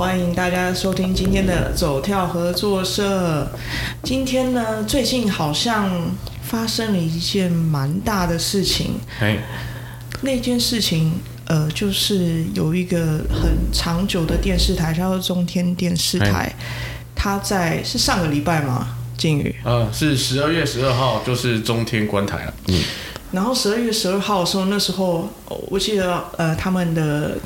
歡迎大家收聽今天的走跳合作社。今天呢，最近好像發生了一件蠻大的事情。那件事情呃，就是有一個很長久的電視台，叫做中天電視台，它在是上個禮拜嗎？靖宇啊、呃，是十二月十二號，就是中天關台了。嗯，然後十二月十二號的時候，那時候我記得呃，他們的。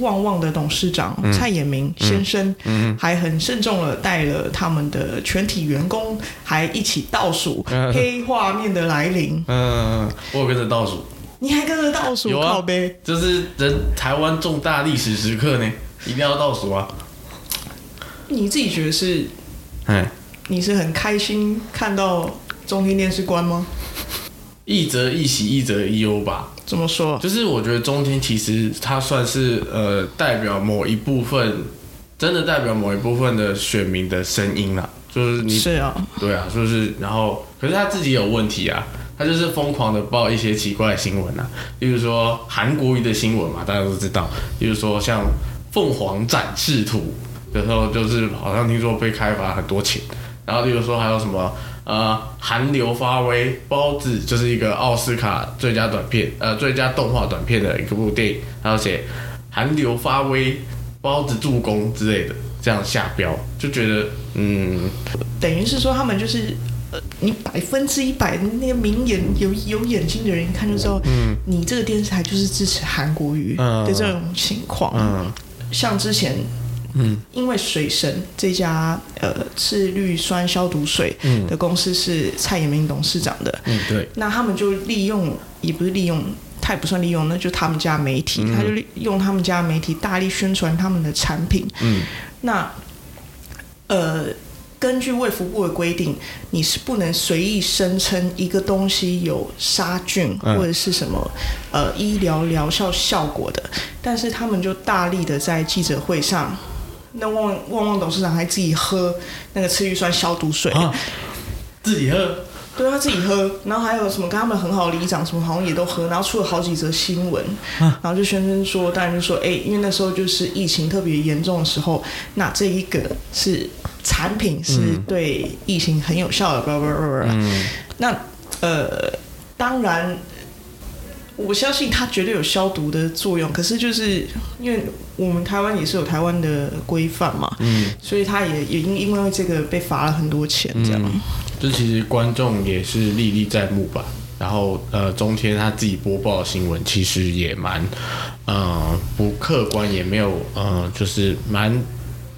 旺旺的董事長、嗯、蔡衍明先生、嗯嗯、還很慎重了，帶了他們的全體員工，還一起倒數黑畫面的來臨。嗯、呃，我跟着倒數。你還跟着倒數？有啊，杯就是人台灣重大歷史時刻呢，一定要倒數啊！你自己覺得是？哎嘿，你是很開心看到中天電視關嗎？一則一喜，一則一憂吧。怎麼說？就是我覺得中天其實他算是呃代表某一部分，真的代表某一部分的選民的聲音了、啊。就是你，是啊，對啊，就是然後，可是他自己有問題啊，他就是瘋狂的報一些奇怪的新聞啊，例如說韓國瑜的新聞嘛，大家都知道，例如說像鳳凰展翅圖，有時候就是好像聽說被開罰很多錢，然後例如說還有什麼。呃，韓流發威，包子就是一個奧斯卡最佳短片，呃，最佳動畫短片的一個部電影，還有寫韓流發威，包子助攻之類的這樣下標，就覺得嗯，等於是說他們就是你百分之一百，那個明眼有有眼睛的人一看就知道，嗯，你這個電視台就是支持韓國瑜、嗯、的這種情況，嗯，像之前。嗯、因為水神這家呃次氯酸消毒水的公司是蔡衍明董事長的，嗯，對，那他們就利用，也不是利用，他也不算利用，那就他們家媒體，嗯、他就利用他們家媒體大力宣傳他們的產品，嗯，那呃，根據衛福部的規定，你是不能隨意聲稱一個東西有殺菌或者是什麼呃醫療療效效果的，但是他們就大力的在記者會上。那旺旺董事長還自己喝那個次氯酸消毒水、啊、自己喝？ 對、啊，他自己喝。然後還有什麼跟他們很好的理事長什麼好像也都喝。然後出了好幾則新聞，啊、然後就宣稱說，當然就說，哎、欸，因為那時候就是疫情特別嚴重的時候，那這一個是產品是對疫情很有效的，不不不不，那呃，當然。我相信它絕對有消毒的作用，可是就是因為我們台灣也是有台灣的規範嘛，嗯，所以它也也因因為這個被罰了很多錢，這樣。這、嗯、其實觀眾也是歷歷在目吧。然後呃，中天他自己播報的新聞其實也蠻，呃不客觀，也沒有呃就是蠻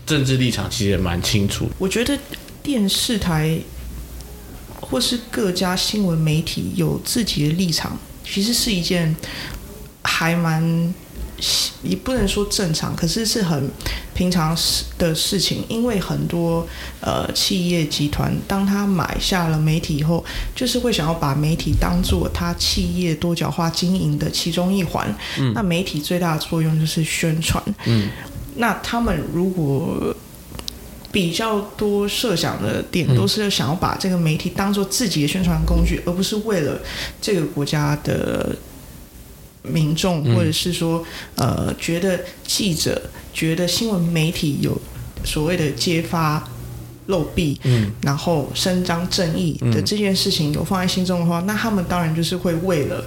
政治立場其實也蠻清楚。我覺得電視台或是各家新聞媒體有自己的立場，其實是一件還蠻也不能說正常，可是是很平常的事情。因為很多呃企業集團，當他買下了媒體以後，就是會想要把媒體當做他企業多角化經營的其中一環。嗯，那媒體最大的作用就是宣傳。嗯，那他們如果比較多設想的點都是想要把這個媒體當做自己的宣傳工具，而不是為了這個國家的民眾，或者是說呃，覺得記者覺得新聞媒體有所謂的揭發漏弊，嗯，然後伸張正義的這件事情有放在心中的話，那他們當然就是會為了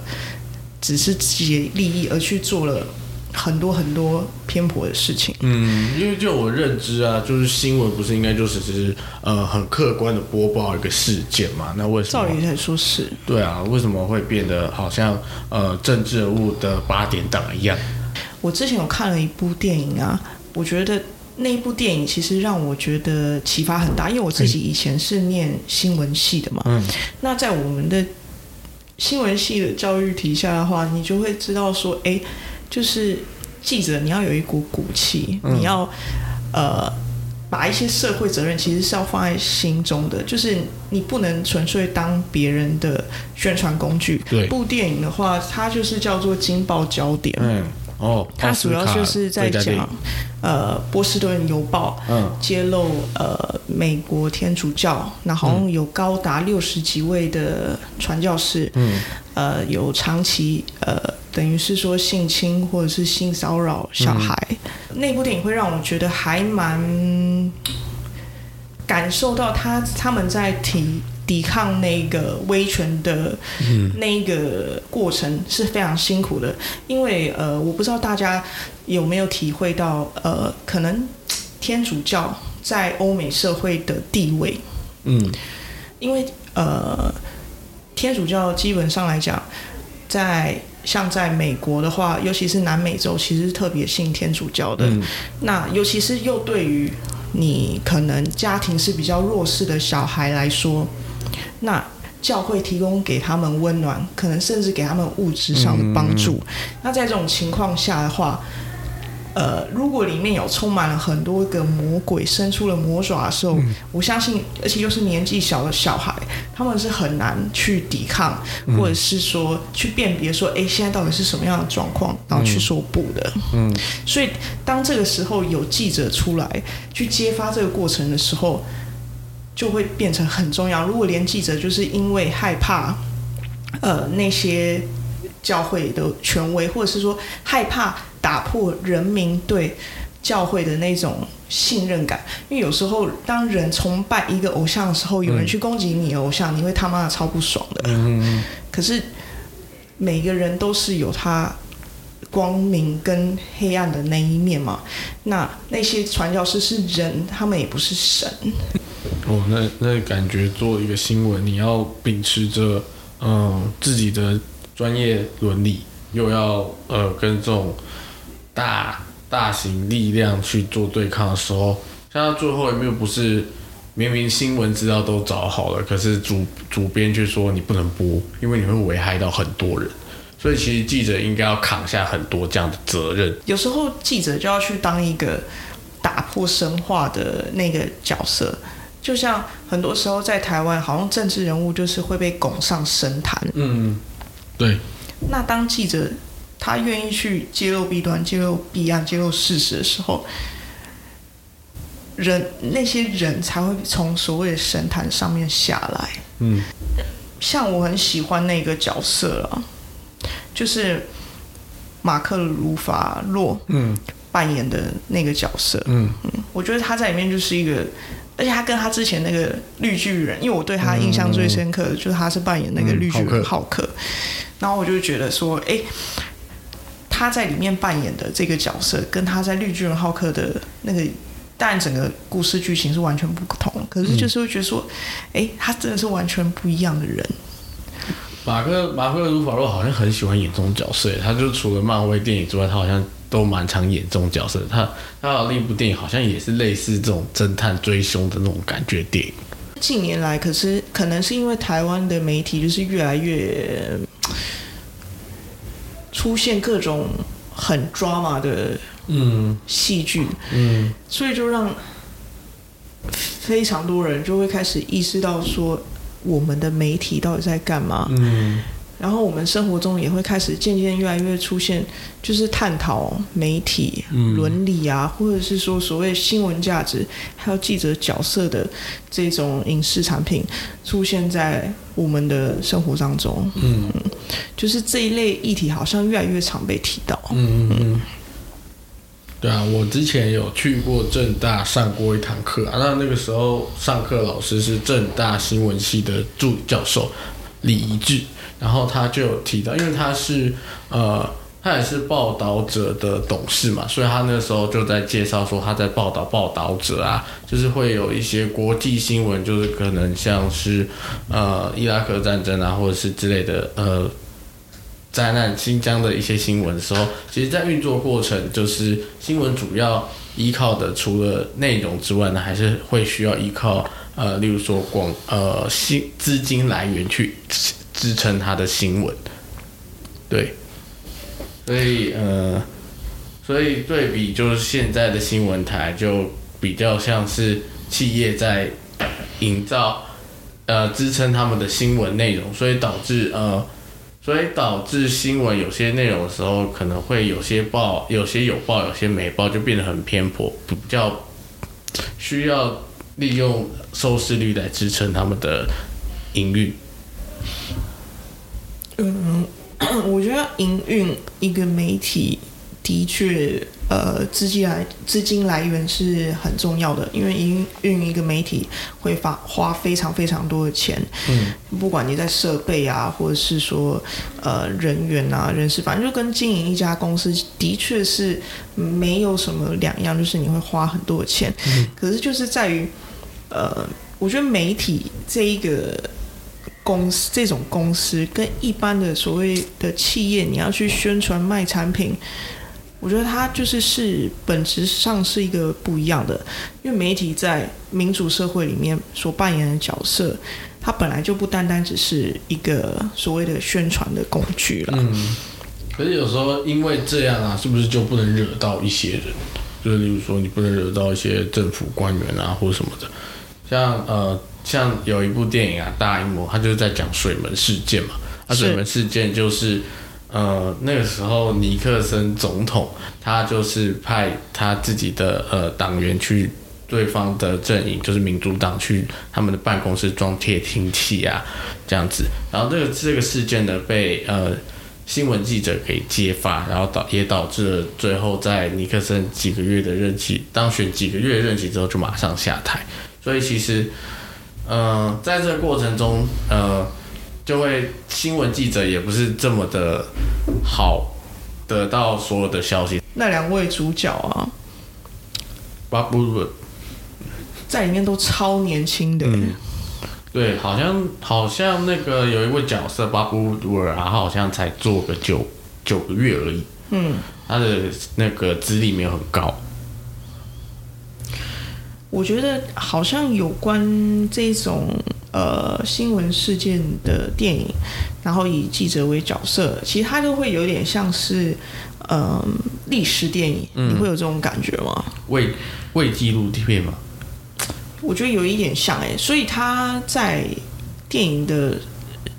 只是自己的利益而去做了。很多很多偏頗的事情。嗯，因為就我認知啊，就是新聞不是應該就是只是呃很客觀的播報一個事件嘛？那為什麼？照理來說是。對啊，為什麼會變得好像呃政治人物的八點檔一樣？我之前有看了一部電影啊，我覺得那一部電影其實讓我覺得啟發很大，因為我自己以前是念新聞系的嘛。嗯。那在我們的新聞系的教育底下的話，你就會知道說，哎、欸。就是記者，你要有一股骨氣，嗯、你要呃把一些社會責任，其實是要放在心中的。就是你不能純粹當別人的宣傳工具。對，部電影的話，它就是叫做《驚爆焦點》。嗯，哦，它主要就是在講呃波士頓郵報、嗯、揭露呃美國天主教，然後有高達六十幾位的傳教士，嗯，呃有長期呃。等於是說性侵或者是性騷擾小孩，嗯、那部電影會讓我覺得還蠻感受到他他們在抵抵抗那個威權的那個過程是非常辛苦的。因為呃我不知道大家有沒有體會到呃可能天主教在歐美社會的地位，嗯，因為呃天主教基本上來講在像在美國的話，尤其是南美洲，其實是特別信天主教的。嗯、那尤其是又對於你可能家庭是比較弱勢的小孩來說，那教會提供給他們溫暖，可能甚至給他們物質上的幫助。嗯、那在這種情況下的話，呃，如果裡面有充滿了很多個魔鬼伸出了魔爪的時候，嗯、我相信，而且又是年紀小的小孩，他們是很難去抵抗，或者是說、嗯、去辨別說，哎、欸，現在到底是什麼樣的狀況，然後去說不的。嗯，嗯，所以當這個時候有記者出來去揭發這個過程的時候，就會變成很重要。如果連記者就是因為害怕，呃，那些教會的權威，或者是說害怕。打破人民對教會的那種信任感，因為有時候當人崇拜一個偶像的時候，有人去攻擊你的偶像，你會他媽的超不爽的。可是每個人都是有他光明跟黑暗的那一面嘛。那那些傳教士是人，他們也不是神。嗯。哦，那那感覺做一個新聞，你要秉持着嗯自己的專業倫理，又要呃跟這種。大大型力量去做對抗的時候，像最後也沒有？不是明明新聞資料都找好了，可是主主編卻說你不能播，因為你會危害到很多人。所以其實記者應該要扛下很多這樣的責任。有時候記者就要去當一個打破神話的那個角色，就像很多時候在台灣，好像政治人物就是會被拱上神壇。嗯，對。那當記者，他願意去揭露弊端，揭露弊案，揭露事實的時候，人那些人才會從所謂的神壇上面下來。嗯，像我很喜歡那個角色啊，就是馬克·魯法洛，嗯扮演的那個角色。嗯嗯，我覺得他在裡面就是一個，而且他跟他之前那個綠巨人，因為我對他印象最深刻的的，嗯嗯、就是他是扮演那個綠巨人浩克。然後我就覺得說，哎，欸。他在裡面扮演的這個角色，跟他在《綠巨人浩克》的那個，但整個故事劇情是完全不同。可是就是會覺得說，哎、嗯欸，他真的是完全不一樣的人。馬克馬克魯法洛好像很喜歡演這種角色，他就除了漫威電影之外，他好像都蠻常演這種角色。他他另一部電影好像也是類似這種偵探追兇的那種感覺電影。近年來，可是可能是因為台灣的媒體就是越來越，出現各種很抓馬的嗯的戲劇，所以就讓非常多人就會開始意識到說，我們的媒體到底在幹嘛。嗯然後我們生活中也會開始漸漸越來越出現，就是探討媒體、嗯、倫理啊，或者是說所謂新聞價值，還有記者角色的這種影視產品，出現在我們的生活當中。嗯、嗯，就是這一類議題好像越來越常被提到。嗯嗯嗯。對啊，我之前有去過政大上過一堂課啊，那那個時候上課老師是政大新聞系的助理教授。禮儀制，然後他就有提到，因為他是呃，他也是報道者的董事嘛，所以他那時候就在介紹說他在報道報道者啊，就是會有一些國際新聞，就是可能像是呃伊拉克戰爭啊，或者是之類的呃災難、新疆的一些新聞的時候，其實在運作過程，就是新聞主要依靠的除了內容之外呢，還是會需要依靠，呃，例如說廣呃新資金來源去支撐他的新聞，對，所以呃，所以對比就是現在的新聞台就比較像是企業在營造呃支撐他們的新聞內容，所以導致呃，所以導致新聞有些內容的時候可能會有些報，有些有報，有些沒報，就變得很偏頗，比較需要。利用收視率來支撐他們的營運。嗯，我覺得營運一個媒體的確，呃，資金來資金來源是很重要的，因為營運一個媒體會发花非常非常多的錢。嗯，不管你在設備啊，或者是說呃人員啊、人事，反正就跟經營一家公司的確是沒有什麼兩樣，就是你會花很多的錢。嗯，可是就是在於。呃，我覺得媒體這一個公司，這種公司跟一般的所謂的企業，你要去宣傳賣產品，我覺得它就是是本質上是一個不一樣的。因為媒體在民主社會裡面所扮演的角色，它本來就不單單只是一個所謂的宣傳的工具了。嗯，可是有時候因為這樣啊，是不是就不能惹到一些人？就是例如說，你不能惹到一些政府官員啊，或者什麼的。像呃，像有一部電影啊，《大陰謀》，他就是在講水門事件嘛。那是、啊、水門事件就是呃，那個時候尼克森總統他就是派他自己的呃黨員去對方的陣營，就是民主黨去他們的辦公室裝竊聽器啊，這樣子。然後這個這個事件呢，被呃新聞記者給揭發，然後導也導致了最後在尼克森幾個月的任期，當選幾個月的任期之後就馬上下台。所以其實，嗯、呃，在這個過程中，呃，就會新聞記者也不是這麼的好得到所有的消息。那兩位主角啊巴布 b 在裡面都超年輕的、欸嗯，對，好像好像那個有一位角色巴布 b 他然後好像才做個九九個月而已，嗯，他的那個資歷沒有很高。我覺得好像有關這種呃新聞事件的電影，然後以記者為角色，其實它就會有點像是呃歷史電影，嗯、你會有這種感覺嗎？未未記錄的片我覺得有一點像誒、欸。所以他在電影的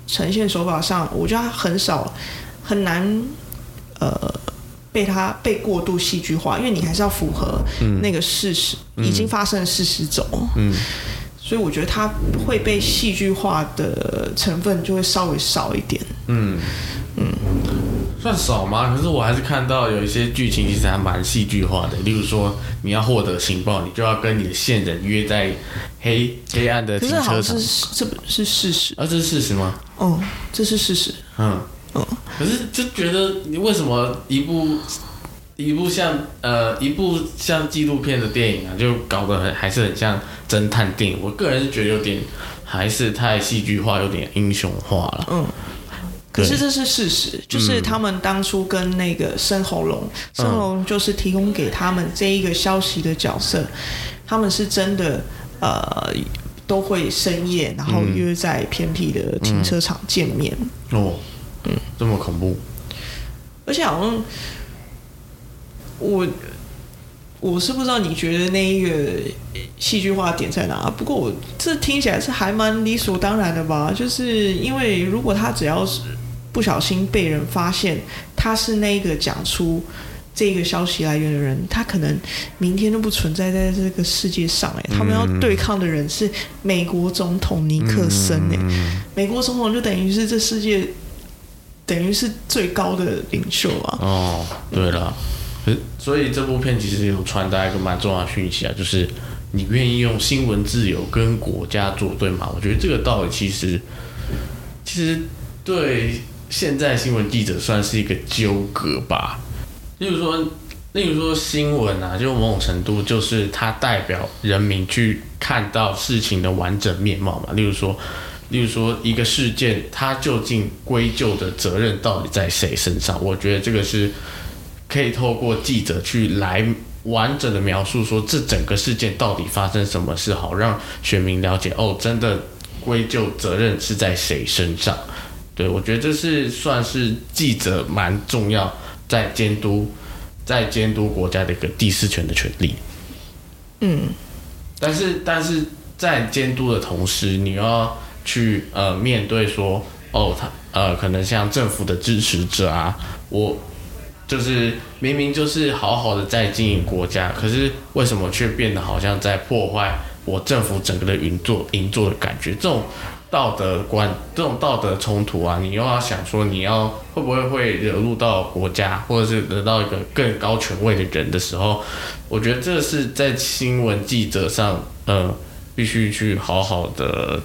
呈現手法上，我覺得他很少很難呃。被他被過度戲劇化，因為你還是要符合那個事實、嗯嗯、已經發生的事實走。嗯，所以我覺得他會被戲劇化的成分就會稍微少一點。嗯嗯，嗯算少嗎？可是我還是看到有一些劇情其實還蠻戲劇化的，例如說你要獲得情報，你就要跟你的線人約在黑黑暗的停車場。這是，是，是，是，是事實？啊，這是事實嗎？哦、嗯，這是事實。嗯。可是就覺得你為什麼一部一部像呃一部像紀錄片的電影啊，就搞得很還是很像偵探電影。我個人是覺得有點還是太戲劇化，有點英雄化了。嗯，可是這是事實，就是他們當初跟那個深喉嚨，深、嗯、喉嚨就是提供給他們這一個消息的角色，他們是真的呃都會深夜，然後約在偏僻的停車場見面、嗯嗯、哦。這麼恐怖，而且好像我我是不知道你覺得那一個戲劇化點在哪啊？不過我這聽起來是還蠻理所當然的吧？就是因為如果他只要是不小心被人發現他是那一個講出這個消息來源的人，他可能明天都不存在在這個世界上。哎，他們要對抗的人是美國總統尼克森。哎，美國總統就等於是這世界。等於是最高的領袖啊！哦，對了，所以這部片其實有傳達一個蠻重要的訊息啊，就是你願意用新聞自由跟國家作對嗎？我覺得這個道理其實，其實對現在新聞記者算是一個糾葛吧。例如說，例如說新聞啊，就某種程度就是它代表人民去看到事情的完整面貌嘛。例如說。例如說，一個事件，它究竟歸咎的責任到底在誰身上？我覺得這個是，可以透過記者去來完整的描述，說這整個事件到底發生什麼事好，好讓選民了解。哦，真的歸咎的責任是在誰身上？對，我覺得這是算是記者蠻重要，在監督，在監督國家的一個第四權的權利。嗯，但是，但是在監督的同時，你要。去呃，面對說哦，他呃，可能像政府的支持者啊，我就是明明就是好好的在經營國家，可是為什麼卻變得好像在破壞我政府整個的運作運作的感覺？這種道德觀，這種道德衝突啊，你又要想說你要會不會會惹怒到國家，或者是得到一個更高權位的人的時候，我覺得這是在新聞記者上呃，必須去好好的。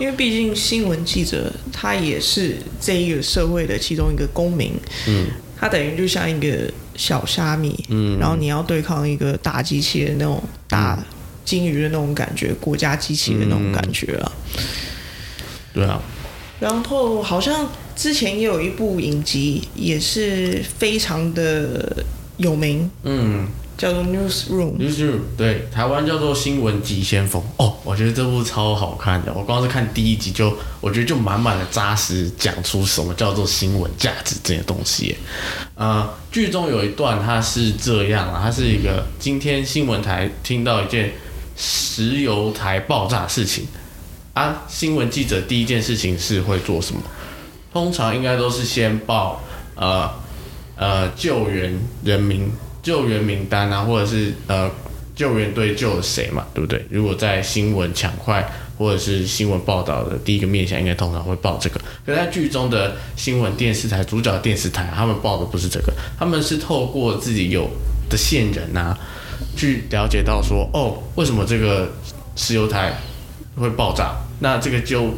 因為畢竟新聞記者他也是這一個社會的其中一個公民，嗯，他等於就像一個小蝦米，嗯，然後你要對抗一個大機器的那種大鯨魚的那種感覺，國家機器的那種感覺啊。對啊，然後好像之前也有一部影集也是非常的有名，嗯。叫做 Newsroom Newsroom 對，台灣叫做新聞急先鋒哦，我覺得這部超好看的，我光是看第一集就我覺得就滿滿的扎實講出什麼叫做新聞價值這些東西。呃，劇中有一段它是這樣啊，它是一個今天新聞台聽到一件石油台爆炸事情啊，新聞記者第一件事情是會做什麼？通常應該都是先報，呃，呃，救援人民。救援名單啊，或者是呃，救援隊救了誰嘛，對不對？如果在新聞搶快或者是新聞報道的第一個面向，應該通常會報這個。可是在劇中的新聞電視台，主角電視台啊，他們報的不是這個，他們是透過自己有的線人啊，去了解到說，哦，為什麼這個石油台會爆炸？那這個就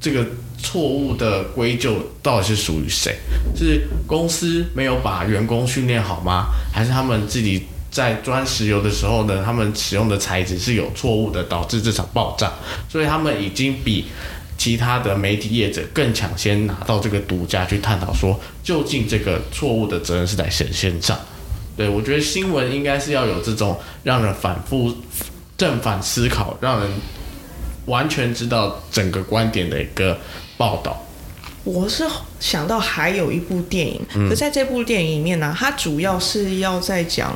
這個。錯誤的歸咎到底是屬於誰？是公司沒有把員工訓練好嗎？還是他們自己在鑽石油的時候呢？他們使用的材質是有錯誤的，導致這場爆炸。所以他們已經比其他的媒體業者更搶先拿到這個獨家去探討，說究竟這個錯誤的責任是在誰身上？對，我覺得新聞應該是要有這種讓人反覆正反思考，讓人完全知道整個觀點的一個。報道，我是想到還有一部電影，可在這部電影裡面呢、啊，它主要是要在講，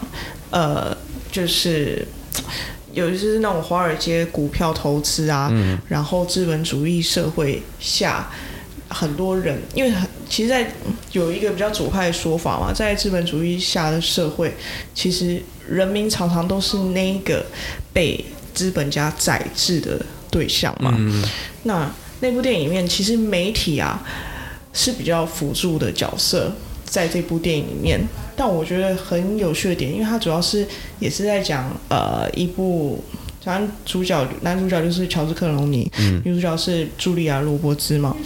呃，就是有一些那種華爾街股票投資啊，然後資本主義社會下很多人，因為很其實，在有一個比較左派的說法嘛，在資本主義下的社會，其實人民常常都是那個被資本家宰制的對象嘛，那。那部電影裡面，其實媒體啊是比較輔助的角色，在這部電影裡面。但我覺得很有趣的點，因為它主要是也是在講呃一部，反正主角男主角就是喬治克隆尼，嗯、女主角是茱莉亞羅伯茲嘛。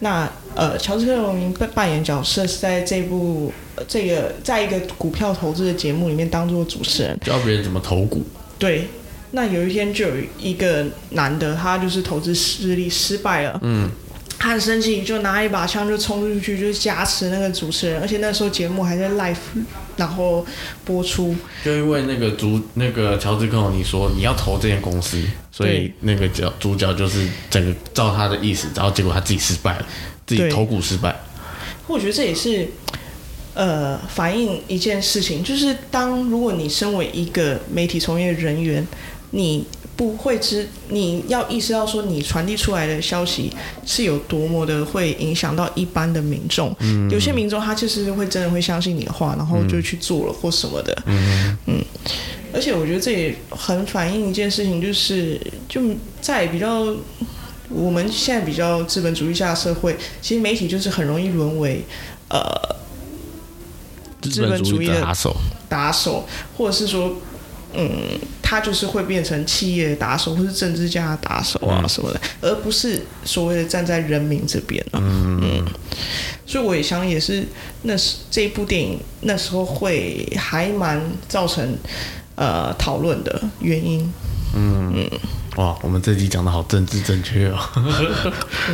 那呃，喬治克隆尼扮演角色是在這部、呃、這個在一個股票投資的節目裡面，當做主持人，教別人怎麼投股。對。那有一天，就有一個男的，他就是投資失利失敗了，嗯，他很生氣，就拿一把槍就衝出去，就是挾持那個主持人，而且那時候節目還在 live，然後播出。就因為那個主那個喬治克隆尼說你要投這間公司，所以那個角主角就是整個照他的意思，然後結果他自己失敗了，自己投股失敗。我覺得這也是，呃，反映一件事情，就是當如果你身為一個媒體從業人員。你不會知，你要意識到說你傳遞出來的消息是有多麼的會影響到一般的民眾。有些民眾他就是會真的會相信你的話，然後就去做了或什麼的。嗯，而且我覺得這也很反映一件事情，就是就在比較我們現在比較資本主義下的社會，其實媒體就是很容易淪為呃資本主義的打手，打手，或者是說嗯。他就是會變成企業的打手，或是政治家打手啊什麼的，而不是所謂的站在人民這邊啊。嗯，所以我也想，也是那時這一部電影那時候會還蠻造成呃討論的原因。嗯，哇，我們這集講的好政治正確哦。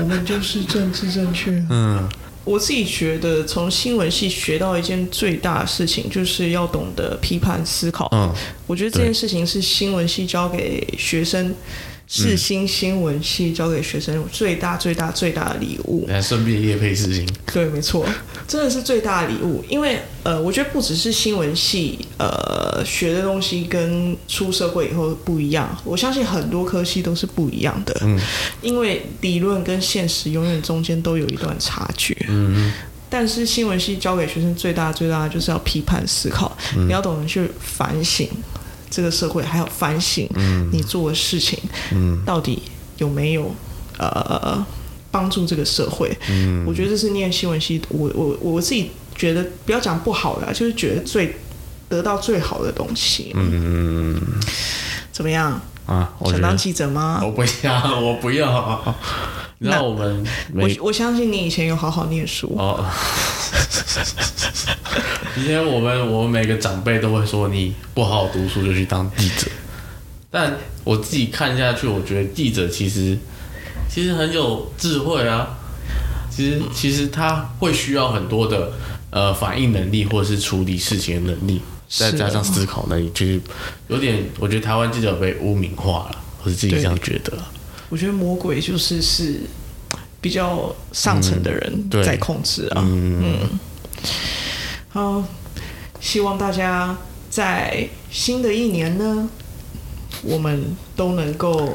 我們就是政治正確。嗯。我自己覺得，從新聞系學到一件最大的事情，就是要懂得批判思考。嗯，我覺得這件事情是新聞系教給學生。世新新聞系教給學生最大、最大、最大的禮物，那順便也配世新。對，沒錯，真的是最大的禮物。因為呃，我覺得不只是新聞系，呃，學的東西跟出社會以後不一樣。我相信很多科系都是不一樣的，嗯，因為理論跟現實永遠中間都有一段差距。嗯，但是新聞系教給學生最大、最大的就是要批判思考，你要懂得去反省。這個社會還要反省你做的事情，嗯嗯、到底有沒有呃幫助這個社會？嗯、我覺得這是念新聞系，我我我自己覺得不要講不好的、啊，就是覺得最得到最好的東西。嗯，嗯，嗯，嗯，嗯，怎麼樣？啊，我想當記者嗎？我不要，我不要、啊。那，那我們，我我相信你以前有好好念書。哦 今天我們，我們每個長輩都會說，你不好好讀書就去當記者。但我自己看下去，我覺得記者其實其實很有智慧啊。其實其實他會需要很多的呃反應能力，或者是處理事情的能力，再加上思考能力，就是有點。我覺得台灣記者被污名化了，我是自己這樣覺得。我覺得魔鬼就是是。比較上層的人、嗯、在控制啊，嗯，嗯，好，希望大家在新的一年呢，我們都能夠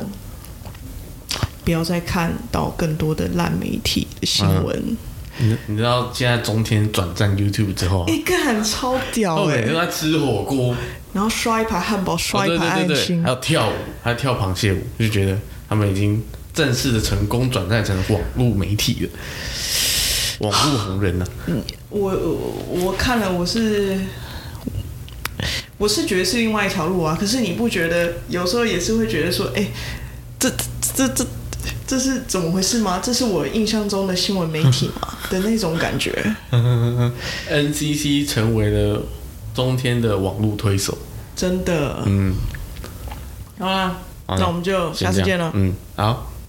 不要再看到更多的爛媒體的新聞、啊。你你知道現在中天轉戰 YouTube 之後，一個人超屌、欸，對，他們都在吃火鍋，然後刷一排漢堡，刷一排愛情，還要跳舞，還要跳螃蟹舞，就覺得他們已經。正式的成功轉戰成網絡媒體了，網絡紅人呢、啊？嗯，我我看了，我是我是覺得是另外一條路啊。可是你不覺得有時候也是會覺得說，哎、欸，這這這這是怎麼回事嗎？這是我印象中的新聞媒體嗎？ 的那種感覺。NCC 成為了中天的網絡推手，真的。嗯，好啊啦，好啦那我們就下次見了。嗯，好。